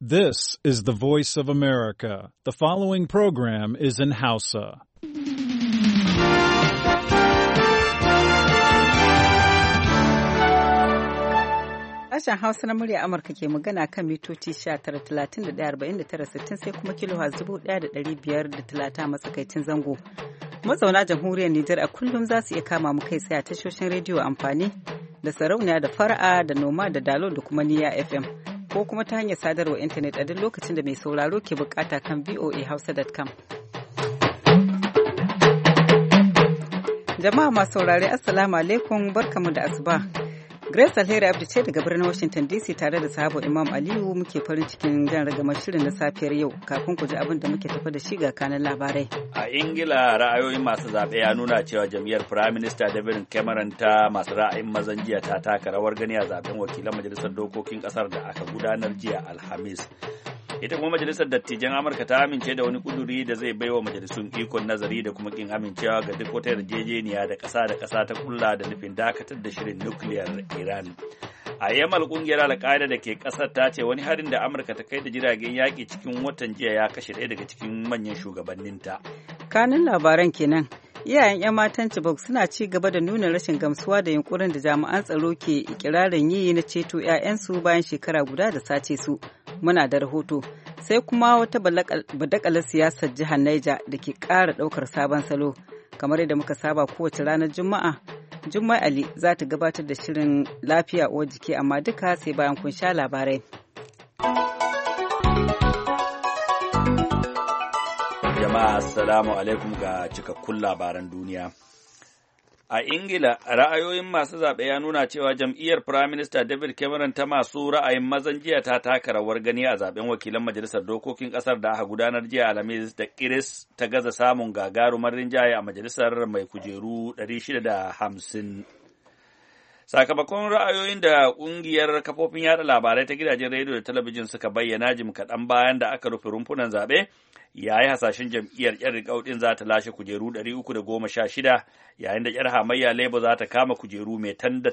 This is the voice of America. The following program is in Hausa. Sashen Hausa na murya Amurka ke magana kan mitoci 19,31,49,60 sai kuma kilo 1,530 matsakaicin zango. Mazauna jamhuriyar Nijar a kullum za su iya kama mu kai tsaye a tashoshin rediyo amfani da sarauniya da fara'a da noma da dalo da kuma niya FM. ko kuma ta hanyar sadarwa intanet a duk lokacin da mai sauraro ke bukata kan voahausa.com. Jama'a masu saurare Assalamu alaikum barkamu da asuba. Grace Alheri Abdi ce daga birnin Washington DC tare da sahabo Imam Aliyu muke farin cikin jan ragamar shirin na safiyar yau kafin ku ji abin da muke tafi da shi ga kanan labarai. A Ingila ra'ayoyin masu zaɓe ya nuna cewa jam'iyyar Prime Minister David Cameron ta masu ra'ayin mazan jiya ta taka rawar gani a zaɓen wakilan majalisar dokokin ƙasar da aka gudanar jiya Alhamis. ita kuma majalisar dattijan amurka ta amince da wani kuduri da zai bai wa majalisun ikon nazari da kuma kin amincewa ga duk wata yarjejeniya da ƙasa da ƙasa ta kulla da nufin dakatar da shirin nukiliyar iran a yamal kungiyar alƙaida da ke ƙasar ta ce wani harin da amurka ta kai da jiragen yaƙi cikin watan jiya ya kashe ɗaya daga cikin manyan shugabanninta kanin labaran kenan iyayen 'yan matan Chibok suna ci gaba da nuna rashin gamsuwa da yunkurin da jami'an tsaro ke ikirarin yi na ceto 'ya'yansu bayan shekara guda da sace su. Muna da rahoto. Sai kuma wata badakalar siyasar jihar Niger da ke kara ɗaukar sabon salo. Kamar yadda muka saba kowace ranar Juma'a, juma'a Ali za ta gabatar da shirin lafiya uwar jiki amma duka sai bayan kun sha labarai. Jama'a Assalamu alaikum ga cikakkun labaran duniya. A Ingila, ra'ayoyin masu zaɓe ya nuna cewa jam'iyyar Firaminista David Cameron ta masu ra'ayin mazan jiya ta taka rawar gani a zaɓen wakilan Majalisar Dokokin Ƙasar da aka gudanar jiya Alhamis da Kiris ta gaza samun gagarumar rinjaye a Majalisar mai kujeru hamsin. Sakamakon ra'ayoyin da ƙungiyar kafofin yada labarai ta gidajen rediyo da talabijin suka bayyana jim kaɗan bayan da aka rufe rumfunan zaɓe ya yi hasashen jam'iyyar yar rikaudin za ta lashe kujeru shida, yayin da yar hamayya labour za ta kama kujeru mai tan da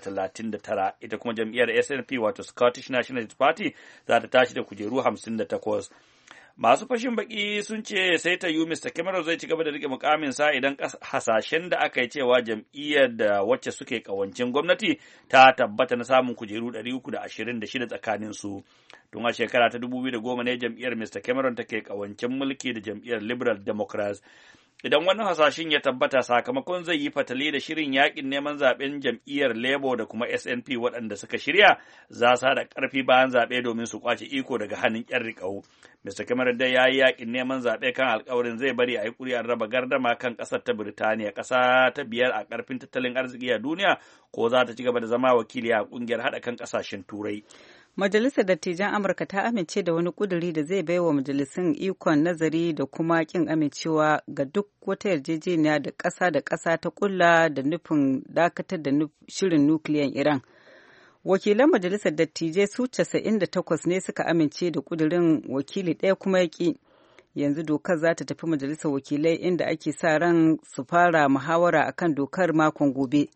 tara, ita kuma jam'iyyar snp wato scottish nationalist party za ta tashi da kujeru hamsin da takwas. Masu fashin baki sun ce sai ta yi Mr. Cameron zai ci gaba da rike mukamin sa idan hasashen da aka yi cewa jam'iyyar da wacce suke kawancin gwamnati ta tabbata na samun kujeru 326 tsakanin su. Tun a shekara ta 2010 ne jam'iyyar Mr. Cameron take kawancin mulki da jam'iyyar Liberal Democrats. idan wani hasashen ya tabbata sakamakon zai yi fatali da shirin yakin neman zaɓen jam'iyyar labour da kuma snp waɗanda suka shirya za su haɗa ƙarfi bayan zaɓe domin su kwace iko daga hannun ƴan riƙau mr cameron dai ya yi yakin neman zaɓe kan alƙawarin zai bari a yi ƙuri'ar raba gardama kan ƙasar ta birtaniya ƙasa ta biyar a ƙarfin tattalin arziki a duniya ko za ta ci gaba da zama wakili a ƙungiyar haɗa kan ƙasashen turai Majalisar Dattijan Amurka ta amince da wani kuduri da zai baiwa majalisun ikon nazari da kuma kin amincewa ga duk wata yarjejeniya da ƙasa da ƙasa ta kulla da nufin dakatar da shirin nukiliyan Iran. Wakilan Majalisar Dattijai su 98 ne suka amince da kudurin wakili ɗaya kuma yaƙi. Yanzu dokar za ta tafi Majalisar Wakilai inda ake sa ran su fara muhawara akan dokar makon gobe.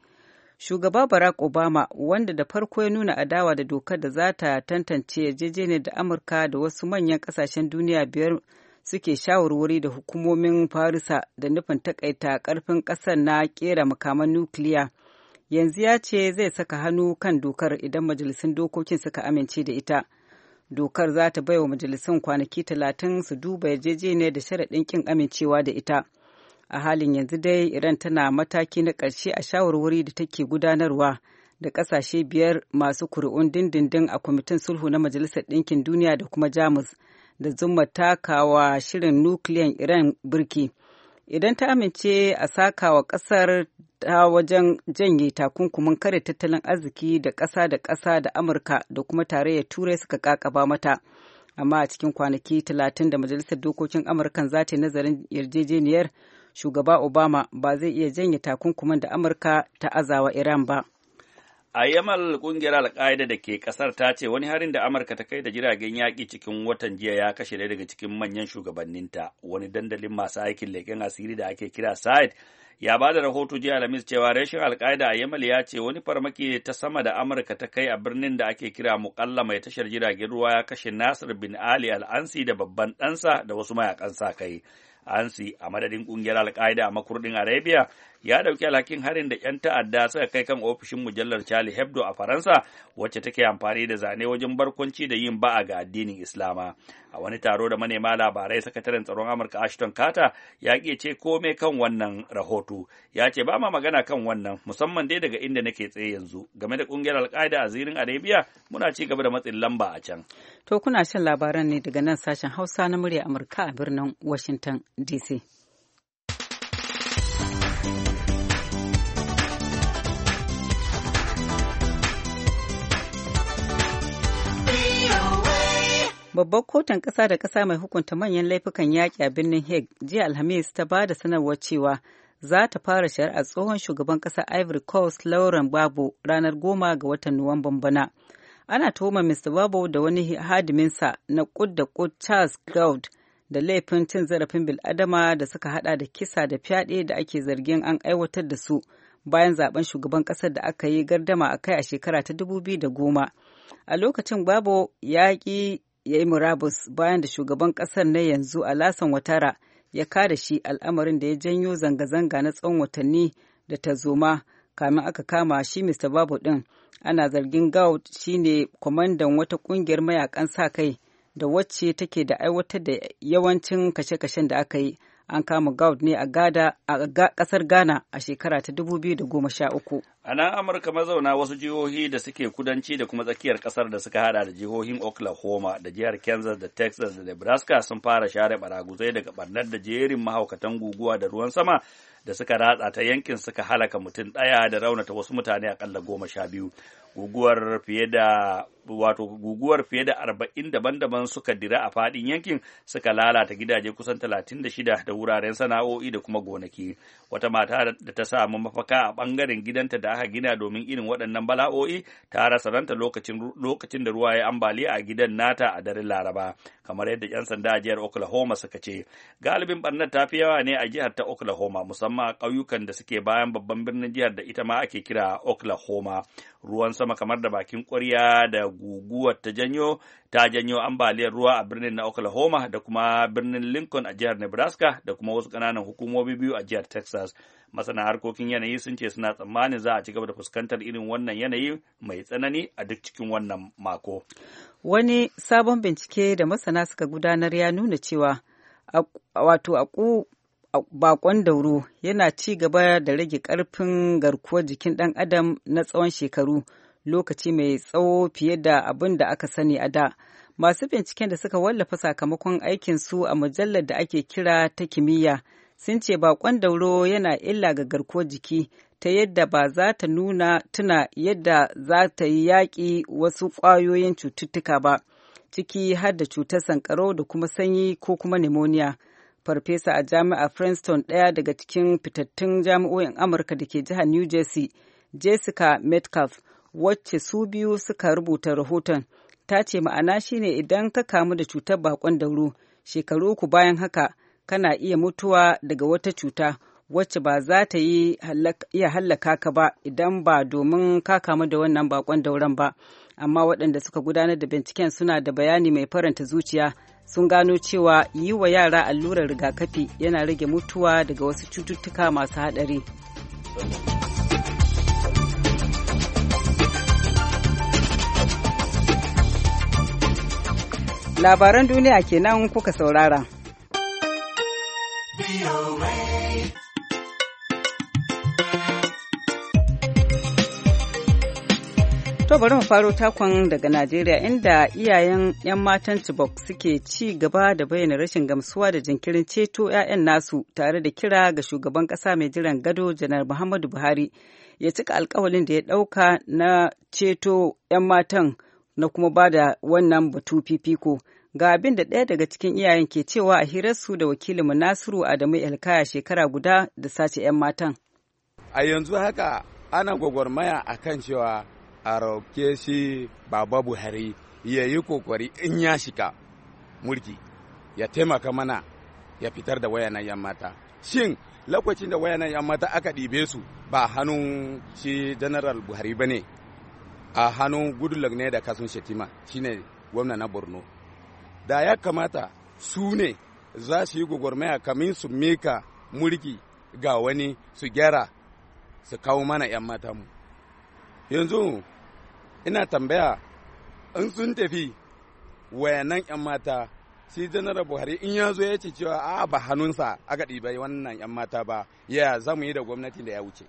shugaba barack obama wanda da farko ya nuna adawa da dokar da za ta tantance yarjejeniyar da amurka da wasu manyan kasashen duniya biyar suke shawarwari da hukumomin farisa da nufin takaita karfin kasar na kera makaman nukiliya yanzu ya ce zai saka hannu kan dokar idan majalisun dokokin suka amince da ita dokar za ta baiwa majalisun kwanaki talatin su duba yarjejeniyar da sharaɗin kin amincewa da ita a halin yanzu dai iran tana mataki na ƙarshe a shawarwari da take gudanarwa da ƙasashe biyar masu kuri'un dindindin a kwamitin sulhu na majalisar ɗinkin duniya da kuma jamus da zuma takawa shirin nukiliyan iran birki idan ta amince a sakawa ƙasar ta wajen janye takunkumin kare tattalin arziki da ƙasa da ƙasa da amurka da kuma tarayyar turai suka kakaba mata amma a cikin kwanaki talatin da majalisar dokokin amurkan za ta yi nazarin yarjejeniyar shugaba obama ba zai iya janye takunkuman da amurka ta azawa iran ba a yamal kungiyar alka'ida da ke kasar ta ce wani harin da amurka ta kai da jiragen yaƙi cikin watan jiya ya kashe ɗaya daga cikin manyan shugabanninta wani dandalin masu aikin leƙen asiri da ake kira Sa'id ya ba da rahoto jiya alhamis cewa rashin alka'ida a yamal ya ce wani farmaki ta sama da amurka ta kai a birnin da ake kira muƙalla mai tashar jiragen ruwa ya kashe nasir bin ali al'ansi da babban ɗansa da wasu mayakan sa kai ansi a madadin kungiyar alkaida a makurdin arabia ya ɗauki alhakin harin da 'yan ta'adda suka kai kan ofishin mujallar Charlie Hebdo a Faransa wacce take amfani da zane wajen barkwanci da yin ba'a ga addinin Islama. A wani taro da manema labarai sakataren tsaron Amurka Ashton Carter ya ƙi ce komai kan wannan rahoto. Ya ce ba ma magana kan wannan musamman dai daga inda nake tsaye yanzu game da ƙungiyar alƙaida a zirin Arabia muna ci gaba da matsin lamba a can. To kuna shan labaran ne daga nan sashen Hausa na murya Amurka a birnin Washington DC. babbar kotun ƙasa da ƙasa mai hukunta manyan laifukan yaƙi a birnin hague jiya alhamis ta ba da sanarwar cewa za ta fara shari'ar tsohon shugaban ƙasar ivory coast lauren babo ranar goma ga watan nuwamban bana ana tuhumar mr babo da wani hadiminsa na kud da kud charles Gould da laifin cin zarafin bil'adama da suka hada da kisa da fyaɗe da ake zargin an aiwatar da su bayan zaben shugaban ƙasar da aka yi gardama a kai a shekara ta dubu biyu da goma? a lokacin babu yaƙi ya yi murabus bayan da shugaban ƙasar na yanzu alasan watara ya kada shi al'amarin da ya janyo zanga-zanga na tsawon watanni da ta kamin aka kama shi Mr. Babu ɗin ana zargin Gaut shine kwamandan wata ƙungiyar mayakan sa kai da wacce take da aiwatar da yawancin kashe-kashen da aka yi an kama gout ne a kasar ghana a shekara ta 2013 a nan amurka mazauna wasu jihohi da suke kudanci da kuma tsakiyar kasar da suka hada da jihohin oklahoma da jihar kansas da texas da nebraska sun fara share baraguzai daga barnar da jerin mahaukatan guguwa da ruwan sama da suka ratsa ta yankin suka halaka mutum daya da raunata wasu mutane akalla goma sha biyu guguwar fiye da wato guguwar fiye da arba'in daban-daban suka dira a faɗin yankin suka lalata gidaje kusan talatin da shida da wuraren sana'o'i da kuma gonaki wata mata da ta samu mafaka a ɓangaren gidanta da aka gina domin irin waɗannan bala'o'i ta rasa ranta lokacin da ruwa ya ambali a gidan nata a daren laraba kamar yadda 'yan sanda a jihar oklahoma suka ce galibin ɓarnar ta fi yawa ne a jihar ta oklahoma musamman a ƙauyukan da suke bayan babban birnin jihar da ita ma ake kira oklahoma ruwan sama kamar da bakin ƙwarya da guguwar ta janyo ta janyo ambaliyar ruwa a birnin na Oklahoma da kuma birnin Lincoln a jihar Nebraska da kuma wasu ƙananan hukumomi biyu a jihar Texas. Masana harkokin yanayi sun ce suna tsammanin za a ci gaba da fuskantar irin wannan yanayi mai tsanani a duk cikin wannan mako. Wani sabon bincike da masana suka gudanar ya nuna cewa wato aku bakon dauro yana ci gaba da rage karfin garkuwar jikin ɗan adam na tsawon shekaru lokaci mai tsawo fiye da abin da aka sani a da. Masu binciken da suka wallafa sakamakon aikinsu a mujallar da ake kira ta kimiyya sun ce bakon dauro yana illa ga garkuwar jiki ta yadda ba za ta nuna tuna yadda za ta yi yaƙi wasu ƙwayoyin cututtuka ba, ciki har da cutar sankarau da kuma sanyi ko kuma pneumonia. farfesa a jami'a Princeton ɗaya daga cikin fitattun jami'o'in Amurka da ke jihar New Jersey, Jessica Metcalf, wacce su biyu suka rubuta rahoton ta ce ma'ana shine idan ka kamu da cutar bakon dauro shekaru uku bayan haka kana iya mutuwa daga wata cuta wacce ba za ta yi iya hallaka ka ba idan ba domin ka kamu da wannan bakon dauron ba amma waɗanda suka gudanar da binciken suna da bayani mai faranta zuciya sun gano cewa yi wa yara allurar rigakafi yana rage mutuwa daga wasu cututtuka masu haɗari. Labaran duniya kenan kuka saurara. To bari mu faro takon daga Najeriya inda iyayen 'yan matan Chibok suke ci gaba da bayyana rashin gamsuwa da jinkirin ceto 'ya'yan nasu tare da kira ga shugaban ƙasa mai jiran gado janar Muhammadu Buhari ya cika alkawalin da ya ɗauka na ceto 'yan matan na kuma ba da wannan batu fifiko. Ga abin da ɗaya daga cikin iyayen ke cewa a hirarsu da wakilinmu Nasiru Adamu Elkaya shekara guda da sace 'yan matan. A yanzu haka ana gwagwarmaya a kan cewa a rauke shi Baba Buhari ya yi kokari in ya shika mulki ya taimaka mana ya fitar da wayanan 'yan mata. Shin lokacin da wayanan 'yan mata aka ɗibe su ba hannun shi General Buhari ba ne a hannun goodluck ne da kasan shetima shine gwamna na borno da ya kamata su ne za su yi gwagwarmaya kamin su mika mulki ga wani su gyara su kawo mana 'yan matanmu. yanzu ina tambaya in sun tafi wayanan 'yan mata sai janar buhari in ya zo ya ce cewa a ba hannunsa aka ɗibai wannan 'yan mata ba ya za yi da gwamnati da ya wuce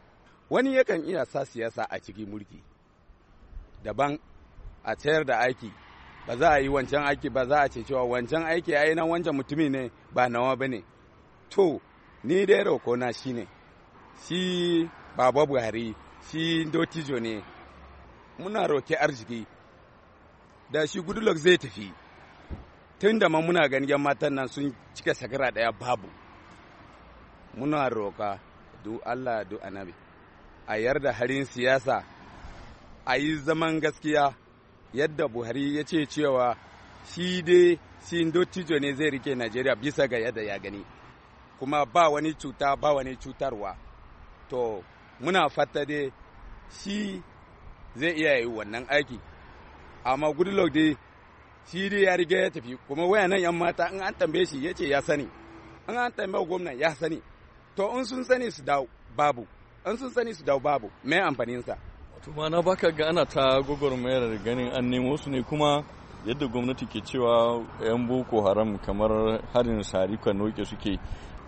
wani yakan iya sa siyasa a cikin mulki daban a tsayar da aiki ba za a yi wancan aiki ba za a ce cewa wancan aiki a na wancan mutumi ne ba nawa ba ne to ni dai rokona shi ne shi baba buhari shi dotijo ne muna roke arziki da shi gudulok zai tafi tun da ma muna ganin matan nan sun cika sakara daya babu muna roka du allah du anabi a yarda harin siyasa a yi zaman gaskiya yadda buhari ya ce cewa shi dai shi dottijo ne zai rike najeriya bisa ga yadda ya gani kuma ba wani cuta ba wani cutarwa to muna fata dai shi zai iya yi wannan aiki amma goodluck dai shi dai ya riga ya tafi kuma waya nan yan mata in an tambaye shi ya ce ya sani in an tambaye gwamna ya sani to in sun sani su dawo babu in sun sani su dawo babu me amfaninsa wato ma na baka ga ana ta gwagwarmayar ganin an nemo su ne kuma yadda gwamnati ke cewa 'yan boko haram kamar harin sari noke suke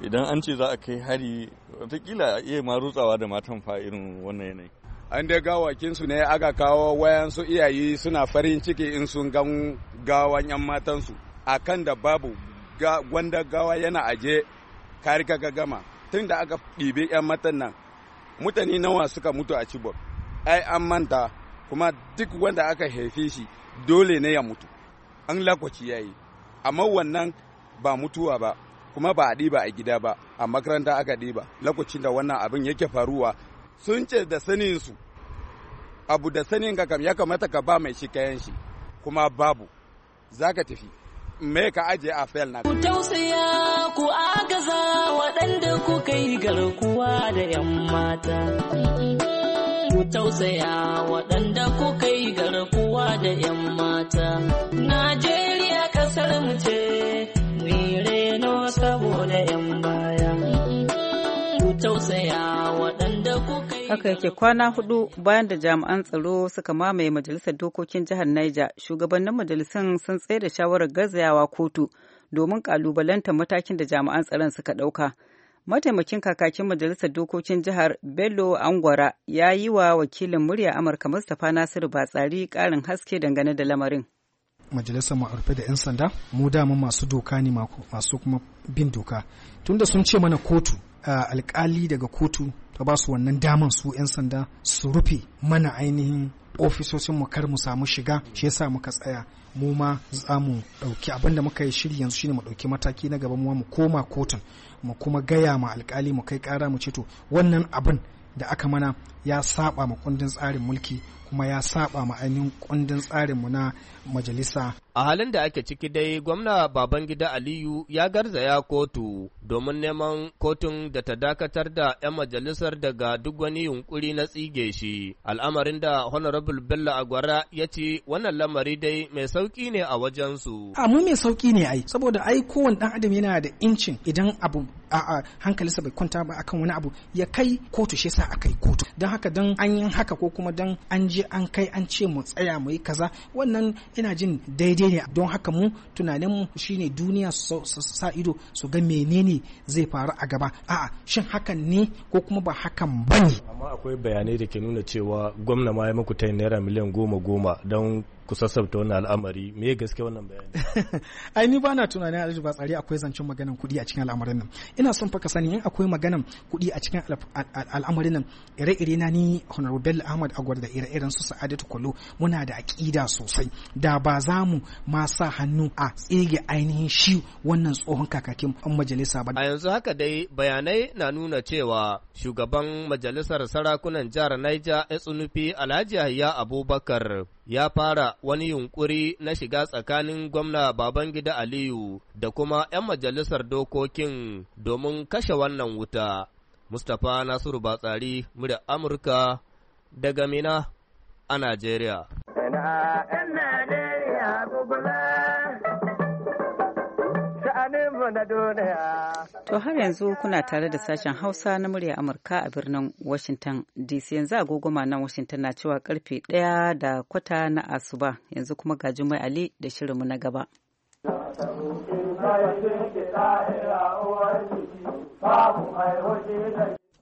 idan an ce za a kai hari watakila iya ma rutsawa da matan fa irin wannan yanayi an dai gawakinsu ne aka kawo wayan su iyaye suna farin ciki in sun gan gawan 'yan matansu a kan da babu gwanda gawa yana aje ka gama tun da aka ɗibe 'yan matan nan mutane nawa suka mutu a cibok ai an manta kuma duk wanda aka haife shi dole ne ya mutu an lakwaci yayi amma wannan ba mutuwa ba kuma ba a ɗiba a gida ba a makaranta aka ɗiba lokacin da wannan abin yake faruwa sun ce da sanin su abu da sanin ka ya kamata ka ba mai shi kayan shi kuma babu za ka tafi me ka aje a fel na ku tausaya ku agaza waɗanda ku kai garkuwa da 'yan mata tausaya waɗanda kuka yi garkuwa da 'yan mata. Najeriya ƙasar mu ce, mu reno saboda 'yan baya. Ku tausaya waɗanda kuka yi Haka yake kwana hudu bayan da jami'an tsaro suka mamaye majalisar dokokin jihar Niger, shugabannin majalisun sun tsaye da shawarar gazayawa kotu domin ƙalubalantar matakin da jami'an tsaron suka ɗauka. mataimakin kakakin majalisar dokokin jihar bello angwara ya yi wa wakilin murya amurka mustapha nasiru batsari karin haske dangane da lamarin majalisar mu ma'arfe da 'yan sanda mu dama masu doka ne masu kuma bin doka tunda sun ce mana kotu alkali daga kotu ka ba su wannan daman su 'yan sanda su rufe mana ainihin ofisoshin mu kar mu samu shiga shi yasa muka tsaya mu ma za mu ɗauki abin da muka yi shiri yanzu shine mu ɗauki mataki na gaba mu koma kotun mu kuma gaya ma alkali mu kai kara mu ce to wannan abin da aka mana ya saba ma kundin tsarin mulki kuma ya saba ma ainihin kundin tsarin mu na majalisa A halin da ake ciki dai gwamna Babangida Aliyu ya garzaya kotu domin neman kotun da ta dakatar da 'yan majalisar daga duk wani yunkuri na tsige shi, al'amarin da Honorable Bello Agwara ya ce wannan lamari dai mai sauki ne a wajensu. A mu mai sauki ne ai, saboda ai kowane ɗan adam yana da incin idan abu a hankalinsa bai kwanta ba akan wani abu ya kai kotu shi sa a kai kotu. Don haka don an yi haka ko kuma don an je an kai an ce mu tsaya mu yi kaza wannan ina jin daidai Najeriya don haka mu tunanin mu shine duniya su sa ido su ga menene zai faru a gaba a'a shin hakan ne ko kuma ba hakan ba ne amma akwai bayanai da ke nuna cewa gwamna ma ya muku ta naira miliyan goma goma don ku sassabta wannan al'amari me gaske wannan bayani ai ni bana tunanin alhaji ba tsari akwai zancen maganan kuɗi a cikin al'amarin nan ina son fa ka sani in akwai maganan kuɗi a cikin al'amarin nan ire-ire na ni honorable bello ahmad agwar da ire-iren su sa'adatu kwallo muna da aƙida sosai da ba za mu ma sa hannu a tsege ainihin shi wannan tsohon kakakin majalisa ba a yanzu haka dai bayanai na nuna cewa shugaban majalisar sarakunan jihar niger etsunufi alhaji yahya abubakar ya fara wani yunƙuri na shiga tsakanin gwamna Babangida Aliyu da kuma 'yan majalisar dokokin domin kashe wannan wuta. Mustapha Nasiru Batsari, murya Amurka daga Mina a Najeriya. na duniya. To har yanzu kuna tare da sashen Hausa na murya Amurka a birnin Washington DC yanzu agogoma nan Washington na cewa karfe ɗaya da kwata na asuba yanzu kuma ga Jumai Ali da shirinmu na gaba.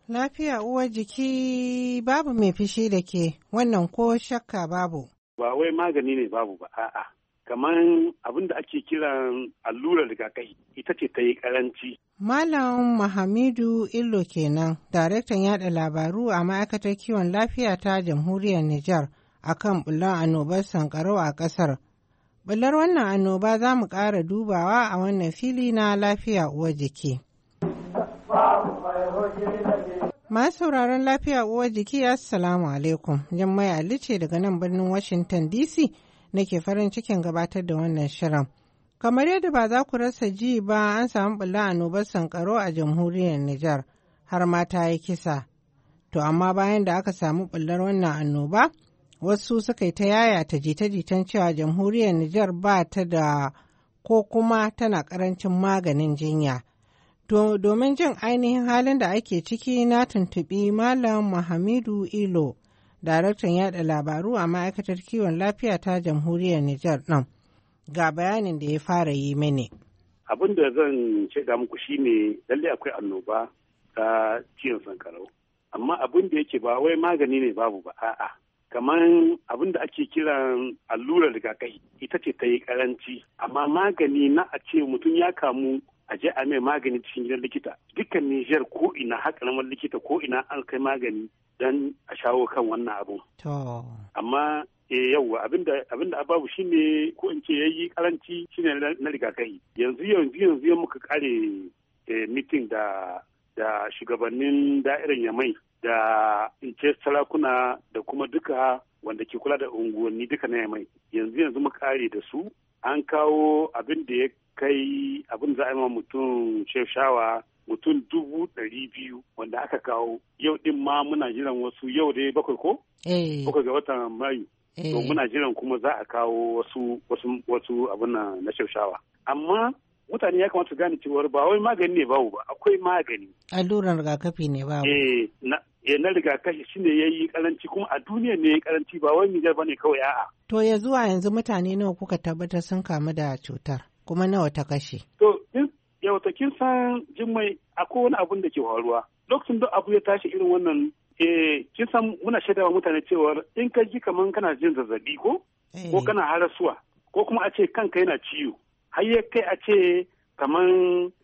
Lafiya uwar jiki babu mai fishi da ke wannan ko shakka babu. Ba wai magani ne babu ba a'a. kamar abin da ake kiran allurar rigakafi ita ce ta yi karanci. Malam Mahamidu Illo kenan, daraktan yada labaru a ma'aikatar kiwon lafiya ta jamhuriyar Nijar kan bulan annobar sankarau a ƙasar. Bular wannan annoba za mu ƙara dubawa a wannan fili na lafiya uwa jiki. Masu sauraron lafiya uwa jiki, Assalamu alaikum. Jummai mai ce daga nan birnin Washington DC. nake farin cikin gabatar da wannan shirin. Kamar yadda ba za ku rasa ji ba an samu a annobar sankaro a jamhuriyar Nijar har ma ta yi kisa. To amma bayan da aka samu bullar wannan annoba, wasu suka yi ta yaya ta jita-jitan cewa jamhuriyar Nijar ba ta da ko kuma tana karancin maganin jinya. Domin jin ainihin halin da ake ciki na tuntuɓi Malam Muhammadu Ilo, daraktan yada labaru a ma'aikatar kiwon lafiya ta jamhuriyar Nijar ɗin. Ga bayanin da ya fara yi mini. Abin da zan shaida muku shine lalle akwai annoba ta ciyon sankarau. Amma abin da yake ba wai magani ne babu ba a'a. Kamar abin da ake kiran allurar rigakafi ita ce ta yi karanci. Amma magani na a ce mutum ya kamu a je a mai magani cikin gidan likita dukkan Nijar ko ina har likita ko ina an kai magani don a shawo kan wannan abu. Amma e yauwa abinda ababu shi ne ko in ce yayi karanci shi ne na rigakafi yanzu yanzu yanzu muka kare eh, mitin da da shugabannin da'irar yamai da in ce sarakuna da kuma duka wanda ke kula da unguwanni duka na yamai yanzu yanzu muka kare da su an kawo abin da ya kai abin za a yi mutum shawa mutum dubu ɗari biyu wanda aka kawo yau din ma muna jiran wasu yau dai bakwai ko? Eh. Bakwai ga watan Mayu. To eh. muna jiran kuma za a kawo wasu wasu wasu abin na shaushawa. Amma mutane ya kamata su gane cewar ba wai magani ne babu ba akwai magani. Alluran rigakafi ne babu. Eh na ya eh, na rigakafi shi ne ya yi karanci kuma a duniya ne ya yi karanci ba wai Nijar ba ne kawai a'a. To ya zuwa yanzu mutane nawa kuka tabbatar sun kamu da cutar kuma nawa ta kashe. To in yau ta kin san jimmai akwai wani abun da ke faruwa lokacin da abu ya tashi irin wannan eh kin san muna shaida wa mutane cewa in ka ji kaman kana jin zazzabi ko ko eh. kana harasuwa ko kuma a ce kanka yana ciwo har ya kai a ce kaman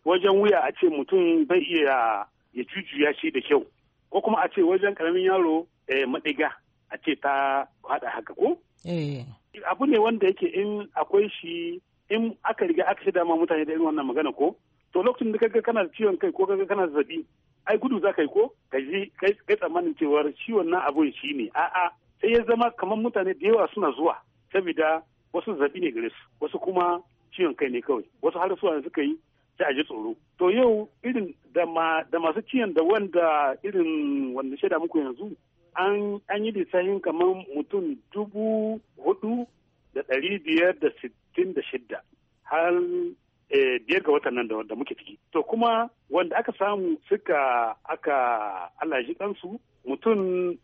wajen wuya a ce mutum bai iya ya jujuya shi da kyau ko kuma a ce wajen karamin yaro eh, madiga a ce ta hada haka ko eh. abu ne wanda yake in akwai shi in aka riga aka shaida ma mutane da irin wannan magana ko to lokacin da kaga kana ciwon kai ko kaga kana zabi ai gudu za ka yi ko ka ji kai tsammanin cewar ciwon nan abu shi ne a'a sai ya zama kamar mutane da yawa suna zuwa saboda wasu zabi ne gare su wasu kuma ciwon kai ne kawai wasu har suwa suka yi sai a ji tsoro to yau irin da masu ciwon da wanda irin wanda shaida muku yanzu an yi lissafin kamar mutum dubu hudu da dari biyar da sittin da shidda har Eh, biyar ga watan nan da muke ciki to kuma wanda aka samu suka aka Allah shi ɗansu mutum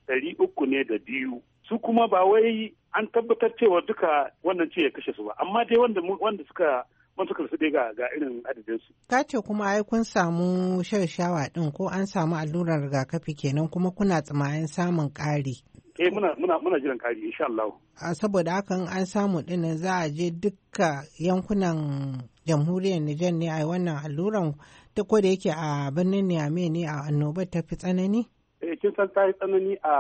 ɗari uku ne da biyu su kuma ba wai an tabbatar cewa duka wannan ce kashe su ba amma dai wanda wanda suka man suka su ga ga irin adadin su ka ce kuma ai kun samu shan shawa ɗin ko an samu allurar rigakafi kenan kuma kuna tsamayen samun ƙari eh muna muna muna jiran ƙari insha Allah saboda hakan an samu dinnan za a je dukka yankunan jamhuriyar Nijar ne a wannan alluran ta da yake a birnin Niamey ne a annobar ta fi tsanani? Eh kin san ta yi tsanani a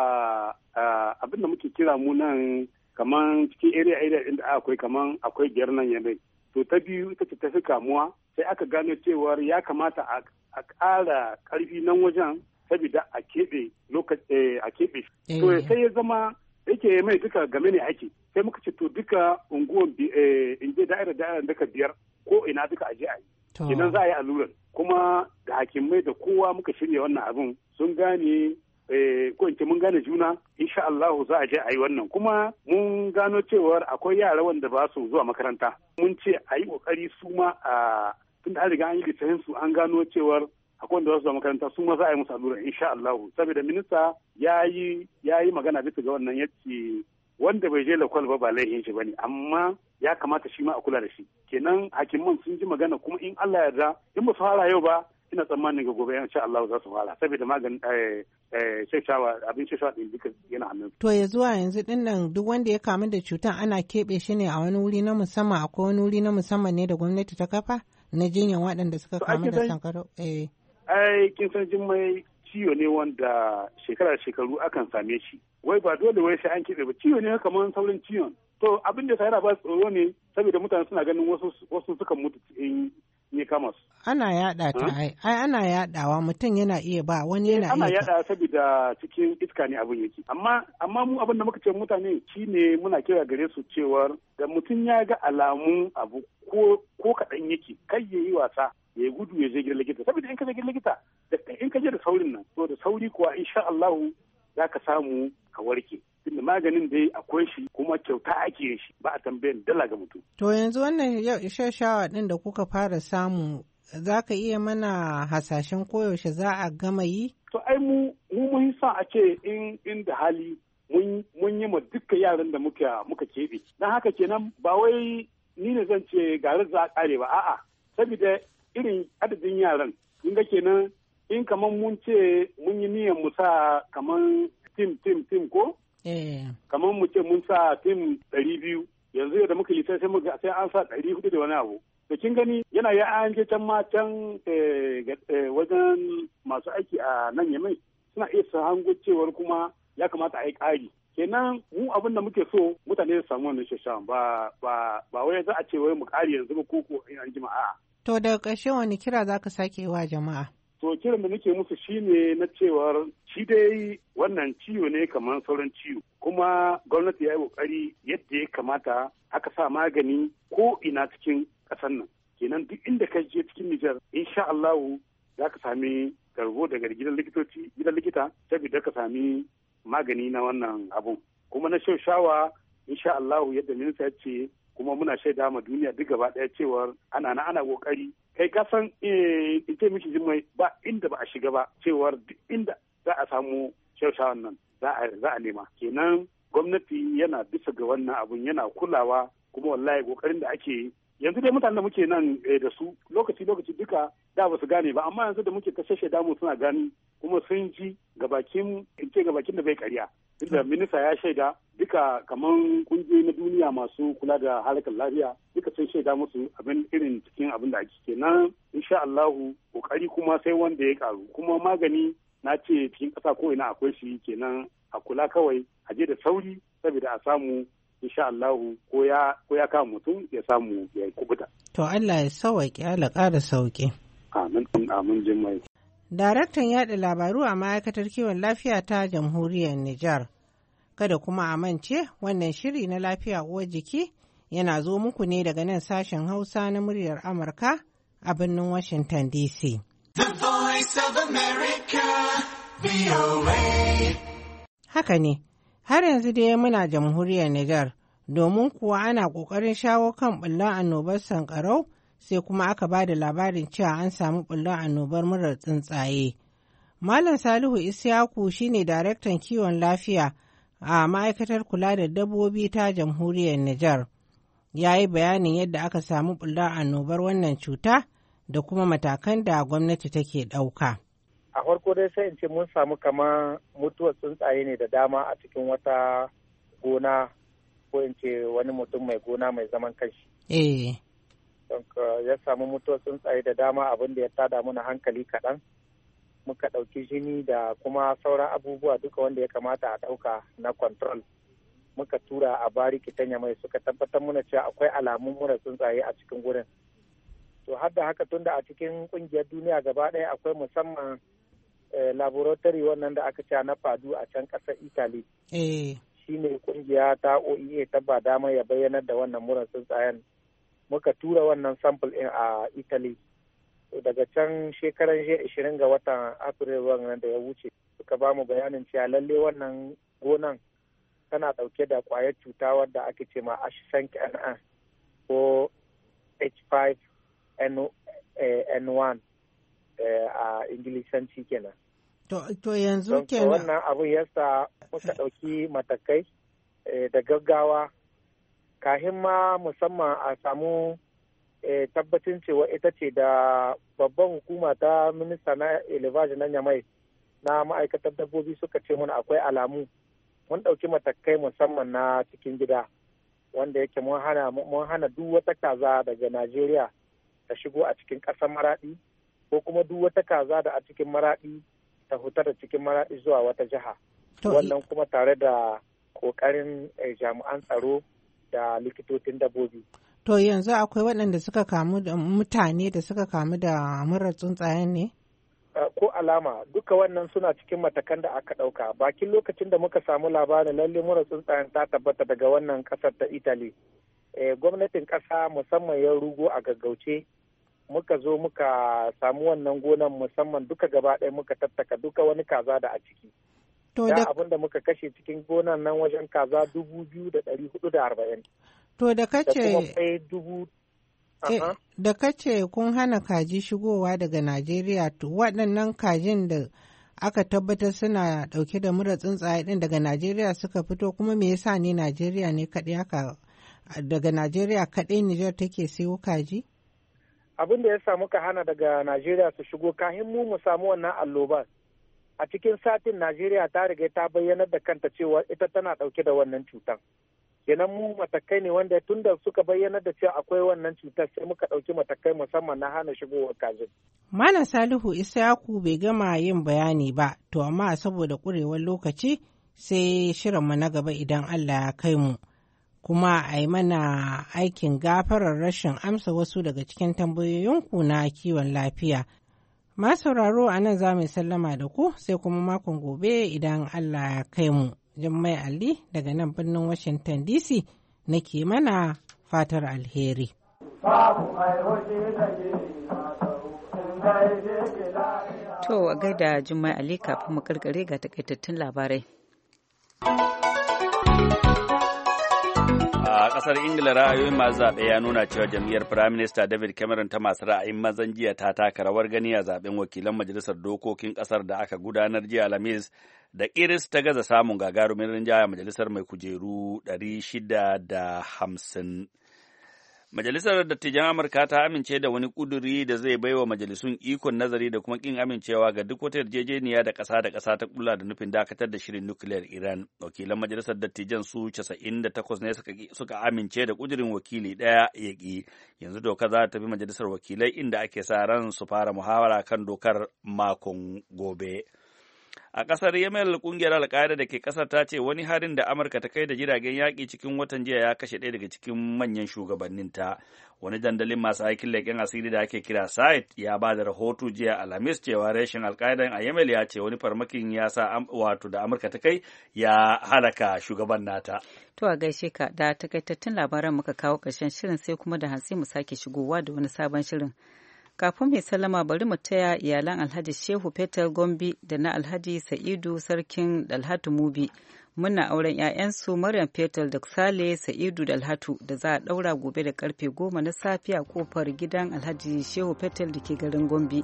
abin da muke kira mu nan kaman cikin area area inda akwai kaman akwai biyar nan yanayi. To ta biyu ita ce ta fi kamuwa sai aka gano cewar ya kamata a ƙara ƙarfi nan wajen saboda a keɓe lokaci eh, a keɓe. Eh. To sai ya zama yake mai duka game ne ake sai muka ce to duka unguwan eh, in je da'ira da'ira daga biyar ko ina duka aje a yi Kinan za a yi allurar kuma da hakimai da kowa muka shirya wannan abin sun gane eh, ko in mun gane juna insha Allah za a je a yi wannan kuma mun gano cewar akwai yara wanda ba su zuwa makaranta mun ce a yi kokari su ma a tun da an riga an yi littafin su an gano cewar akwai wanda ba su zuwa makaranta su ma za a yi musu allura insha Allah saboda minista ya yi magana bisa ga wannan yaki. wanda bai je lakwal ba ba laifin shi ba ne amma ya kamata shi ma a kula da shi kenan hakiman sun ji magana kuma in Allah ya yarda in ba su fara yau ba ina tsammanin ga gobe insha Allah za su fara saboda maganin eh, eh, shaitawa abin shaitawa din duka yana hannun to ya zuwa yanzu din nan duk wanda ya kamu da cutan ana keɓe shi ne a wani wuri na musamman akwai wani wuri na musamman ne da gwamnati ta kafa na jinyan waɗanda suka kamu da sankarau eh ai kin san jin mai ciwo ne wanda shekara shekaru akan same shi wai ba dole wai sai an keɓe ba ciwo ne kamar saurin ciwon so abin da yana ba tsoro ne saboda mutane suna ganin wasu wasu suka mutu in ya kama su ana yada ta ai ana yadawa mutum yana iya ba wani yana eh, iya ana yada saboda cikin iska ne abin yake amma amma mu abin da muka ce mutane shine muna kira gare su cewar da mutum ya ga alamu abu ko ko kadan yake kai yayi wasa ya gudu ya je gidan likita saboda in ka je gidan likita in ka je da saurin nan to da sauri kuwa insha Allah za ka samu ka warke tunda maganin dai akwai shi kuma kyauta ake shi ba a tambayan dala ga mutum. To yanzu wannan shashawa ɗin da kuka fara samu za ka iya mana hasashen koyaushe za a gama yi? To ai mu mun sa a ce in da hali mun yi ma dukkan yaran da muka muka keɓe. Na haka kenan ba wai ni ne zan ce garin za a kare ba a'a saboda irin adadin yaran in kenan in kamar mun ce mun yi niyyar mu sa kamar tim tim tim ko eh. kamar mu ce mun sa tim ɗari biyu yanzu da muka lisa sai muka sai an sa ɗari hudu da wani abu da kin gani yana ya an je can ma can eh, eh, wajen masu aiki a nan yamai suna iya su hango cewar kuma ya kamata a yi ƙari kenan mu abin da muke so mutane su samu wannan shashan ba ba ba wai za a ce wai mu ƙari yanzu ba ko ko an jima'a to daga ƙarshe wani kira zaka sake wa jama'a to kiran da nake musu shine na cewar shi dai wannan ciwo ne kamar sauran ciwo kuma gwamnati ya yi kokari yadda ya kamata aka sa magani ko ina cikin ƙasar nan kenan duk inda ka je cikin Nijar insha Allahu za ka sami garbo daga gidan likitoci gidan likita saboda ka sami magani na wannan abu kuma na shaushawa insha Allahu yadda minista ya ce kuma muna shaida ma duniya duk gaba daya cewar ana na ana kokari kai ka san eh, in ce miki jimai ba inda ba a shiga ba cewar inda za a samu shaushawan nan za a nema kenan gwamnati yana bisa ga wannan abun yana kulawa kuma wallahi kokarin da ake yi yanzu dai mutanen da muke nan eh, da su lokaci lokaci duka da ba su gane ba amma yanzu da muke ta shashe damu suna gani kuma sun ji gabakin in ce gabakin da bai karya inda minista ya shaida duka kaman kungiyoyi na duniya masu kula da harkar lafiya duka sun shaida musu abin irin cikin abin da ake kenan insha Allahu kokari kuma sai wanda ya karu kuma magani na ce cikin ƙasa ko ina akwai shi kenan a kula kawai a je da sauri saboda a samu insha Allahu ko ya ya kama mutum ya samu ya kubuta to Allah ya sauke Allah ƙara sauƙi. amin amin jimai daraktan yada labaru a ma'aikatar kiwon lafiya ta jamhuriyar Nijar. Kada kuma a mance wannan shiri na lafiya uwar jiki yana zo muku ne daga nan sashen Hausa na muryar Amurka a birnin Washington DC. Haka ne, har yanzu dai muna jamhuriyar Nijar, domin kuwa ana ƙoƙarin shawo kan ɓullar annobar sankarau sai kuma aka ba da labarin cewa an samu bullon annobar murar tsuntsaye. Malam Salihu Isyaku shine daraktan kiwon lafiya a ma'aikatar kula da dabbobi ta jamhuriyar Nijar. Ya yi bayanin yadda aka samu bullon annobar wannan cuta da kuma matakan da gwamnati take ɗauka. A farko dai sai in ce mun samu kamar mutuwar tsuntsaye ne da dama a cikin wata gona ko in ce wani mutum mai gona mai zaman kanshi. Eh. ya samu mutuwar tsuntsaye da dama abin da ya tada mana hankali kaɗan muka ɗauki jini da kuma sauran abubuwa duka wanda ya kamata a ɗauka na control muka tura a bari kitanya mai suka tabbatar muna cewa akwai alamun mura tsuntsaye a cikin gurin to har da haka tunda a cikin kungiyar duniya gaba ɗaya akwai musamman eh, laboratory wannan da aka ce na fadu a can ƙasar italy eh. shine kungiya ta oea ta ba dama ya bayyanar da wannan mura tsuntsayen muka tura wannan sample ɗin a italy daga can shekaran jiya ishirin ga watan april wannan da ya wuce suka ba mu bayanin cewa lalle wannan gonan tana ɗauke da kwayar cuta wadda ake ce ma h5n1 ko h5n1 eh, a ingilishanci kenan to yanzu kenan wannan abu yasa muka eh. ɗauki matakai eh, da gaggawa kahin ma musamman a samu eh, tabbacin cewa ita ce da babban hukuma ta minista na elevage na nyamai na ma'aikatar dabbobi suka ce mana akwai alamu mun ɗauki matakai musamman na cikin gida wanda yake mun hana hana duk wata kaza daga najeriya ta shigo a cikin ƙasar maraɗi ko kuma duk wata kaza da a cikin maraɗi ta huta da cikin maraɗi zuwa wata jiha wannan kuma tare da ƙoƙarin eh, jami'an tsaro da likitocin dabbobi. To yanzu akwai waɗanda suka kamu da mutane da suka kamu da murar tsuntsayen ne? Ko alama duka wannan suna cikin matakan da aka ɗauka bakin lokacin da muka samu labarin lalle murar tsuntsayen ta tabbata daga wannan ƙasar ta Italy. Eh, gwamnatin ƙasa musamman ya rugo a gaggauce muka zo muka samu wannan gonan musamman duka gaba ɗaya muka tattaka duka wani kaza da a ciki. da abin da muka kashe cikin gonan nan wajen kaza dubu biyu da ɗari hudu da arba'in. To da kace da kace eh, kun hana kaji shigowa daga Najeriya to waɗannan kajin da aka tabbatar suna ɗauke da mura tsuntsaye ɗin daga Najeriya suka fito kuma me yasa ne Najeriya ne kaɗai aka daga Najeriya kaɗai Nijar take siyo kaji? Abin da ya samu ka hana daga Najeriya su shigo kahin mu mu samu wannan allobar. a cikin satin najeriya ta riga ta bayyanar da kanta cewa ita tana ɗauke da wannan cutar kenan mu matakai ne wanda tunda suka bayyana da cewa akwai wannan cutar sai muka ɗauki matakai musamman na hana shigowar kajin. Malam Salihu Isaku bai gama yin bayani ba, to amma saboda kurewar lokaci sai shirinmu na gaba idan Allah ya kai mu. Kuma a yi mana aikin gafarar rashin amsa wasu daga cikin tambayoyinku na kiwon lafiya Ma sauraro a nan za mu sallama da ku sai kuma makon gobe idan Allah ya kai mu. Jummai Ali daga nan birnin Washington DC nake mana fatar alheri. To a gaida Jummai Ali kafin mu karkare ga takaitattun labarai. a kasar ingila ra'ayoyin masu zaɓe ya nuna cewa jam'iyyar firaminista david cameron ta masu ra'ayin mazan jiya ta taka rawar gani a zaɓen wakilan majalisar dokokin kasar da aka gudanar jiya alhamis da iris ta gaza samun gagarumin rinjaya majalisar mai kujeru 650 Majalisar Dattijan Amurka ta amince da wani ƙuduri da zai baiwa majalisun ikon nazari da kuma kin amincewa ga duk wata yarjejeniya da ƙasa da kasa ta kula da nufin dakatar da shirin nukiliyar Iran. Wakilan Majalisar Dattijan su 98 ne suka amince da kudurin wakili ɗaya ya ƙi. Yanzu doka za ta bi Majalisar Wakilai inda ake sa ran su fara muhawara kan dokar makon gobe. A ƙasar Yemen ƙungiyar alkaida da ke kasar ta ce wani harin da Amurka ta kai da jiragen yaƙi cikin watan jiya ya kashe ɗaya daga cikin manyan shugabannin ta Wani dandalin masu aikin leƙen asiri da ake kira Said ya ba da rahoto jiya Alhamis cewa reshen alkaidan a Yemen ya ce wani farmakin ya sa wato da Amurka ta kai ya halaka shugaban nata. To a gaishe ka da takaitattun labaran muka kawo ƙarshen shirin sai kuma da hantsi mu sake shigowa da wani sabon shirin. kafin mai sallama bari mu taya iyalan alhaji shehu fetal gombi da na alhaji sa'idu sarkin dalhatu mubi muna auren 'ya'yansu maryam fetal da sale sa'idu dalhatu da za a daura gobe da karfe goma na safiya kofar gidan alhaji shehu fetal da ke garin gombi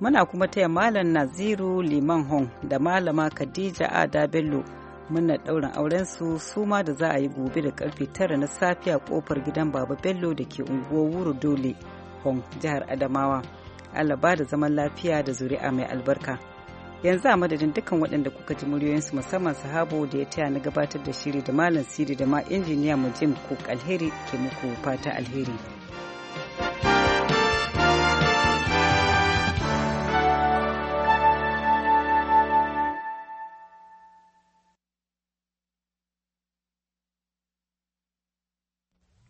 muna kuma taya malam naziru liman hon da malama khadija ada bello muna ɗaurin aurensu su ma da za a yi gobe da karfe tara na safiya kofar gidan baba bello da ke unguwar wuro dole Ikon jihar Adamawa. Allah ba da zaman lafiya da zuri'a mai albarka. Yanzu a madadin dukkan waɗanda kuka ji muryoyinsu musamman sahabo da ya taya na gabatar da shiri da malam siri da ma injiniya mu jim ko alheri ke muku fata alheri.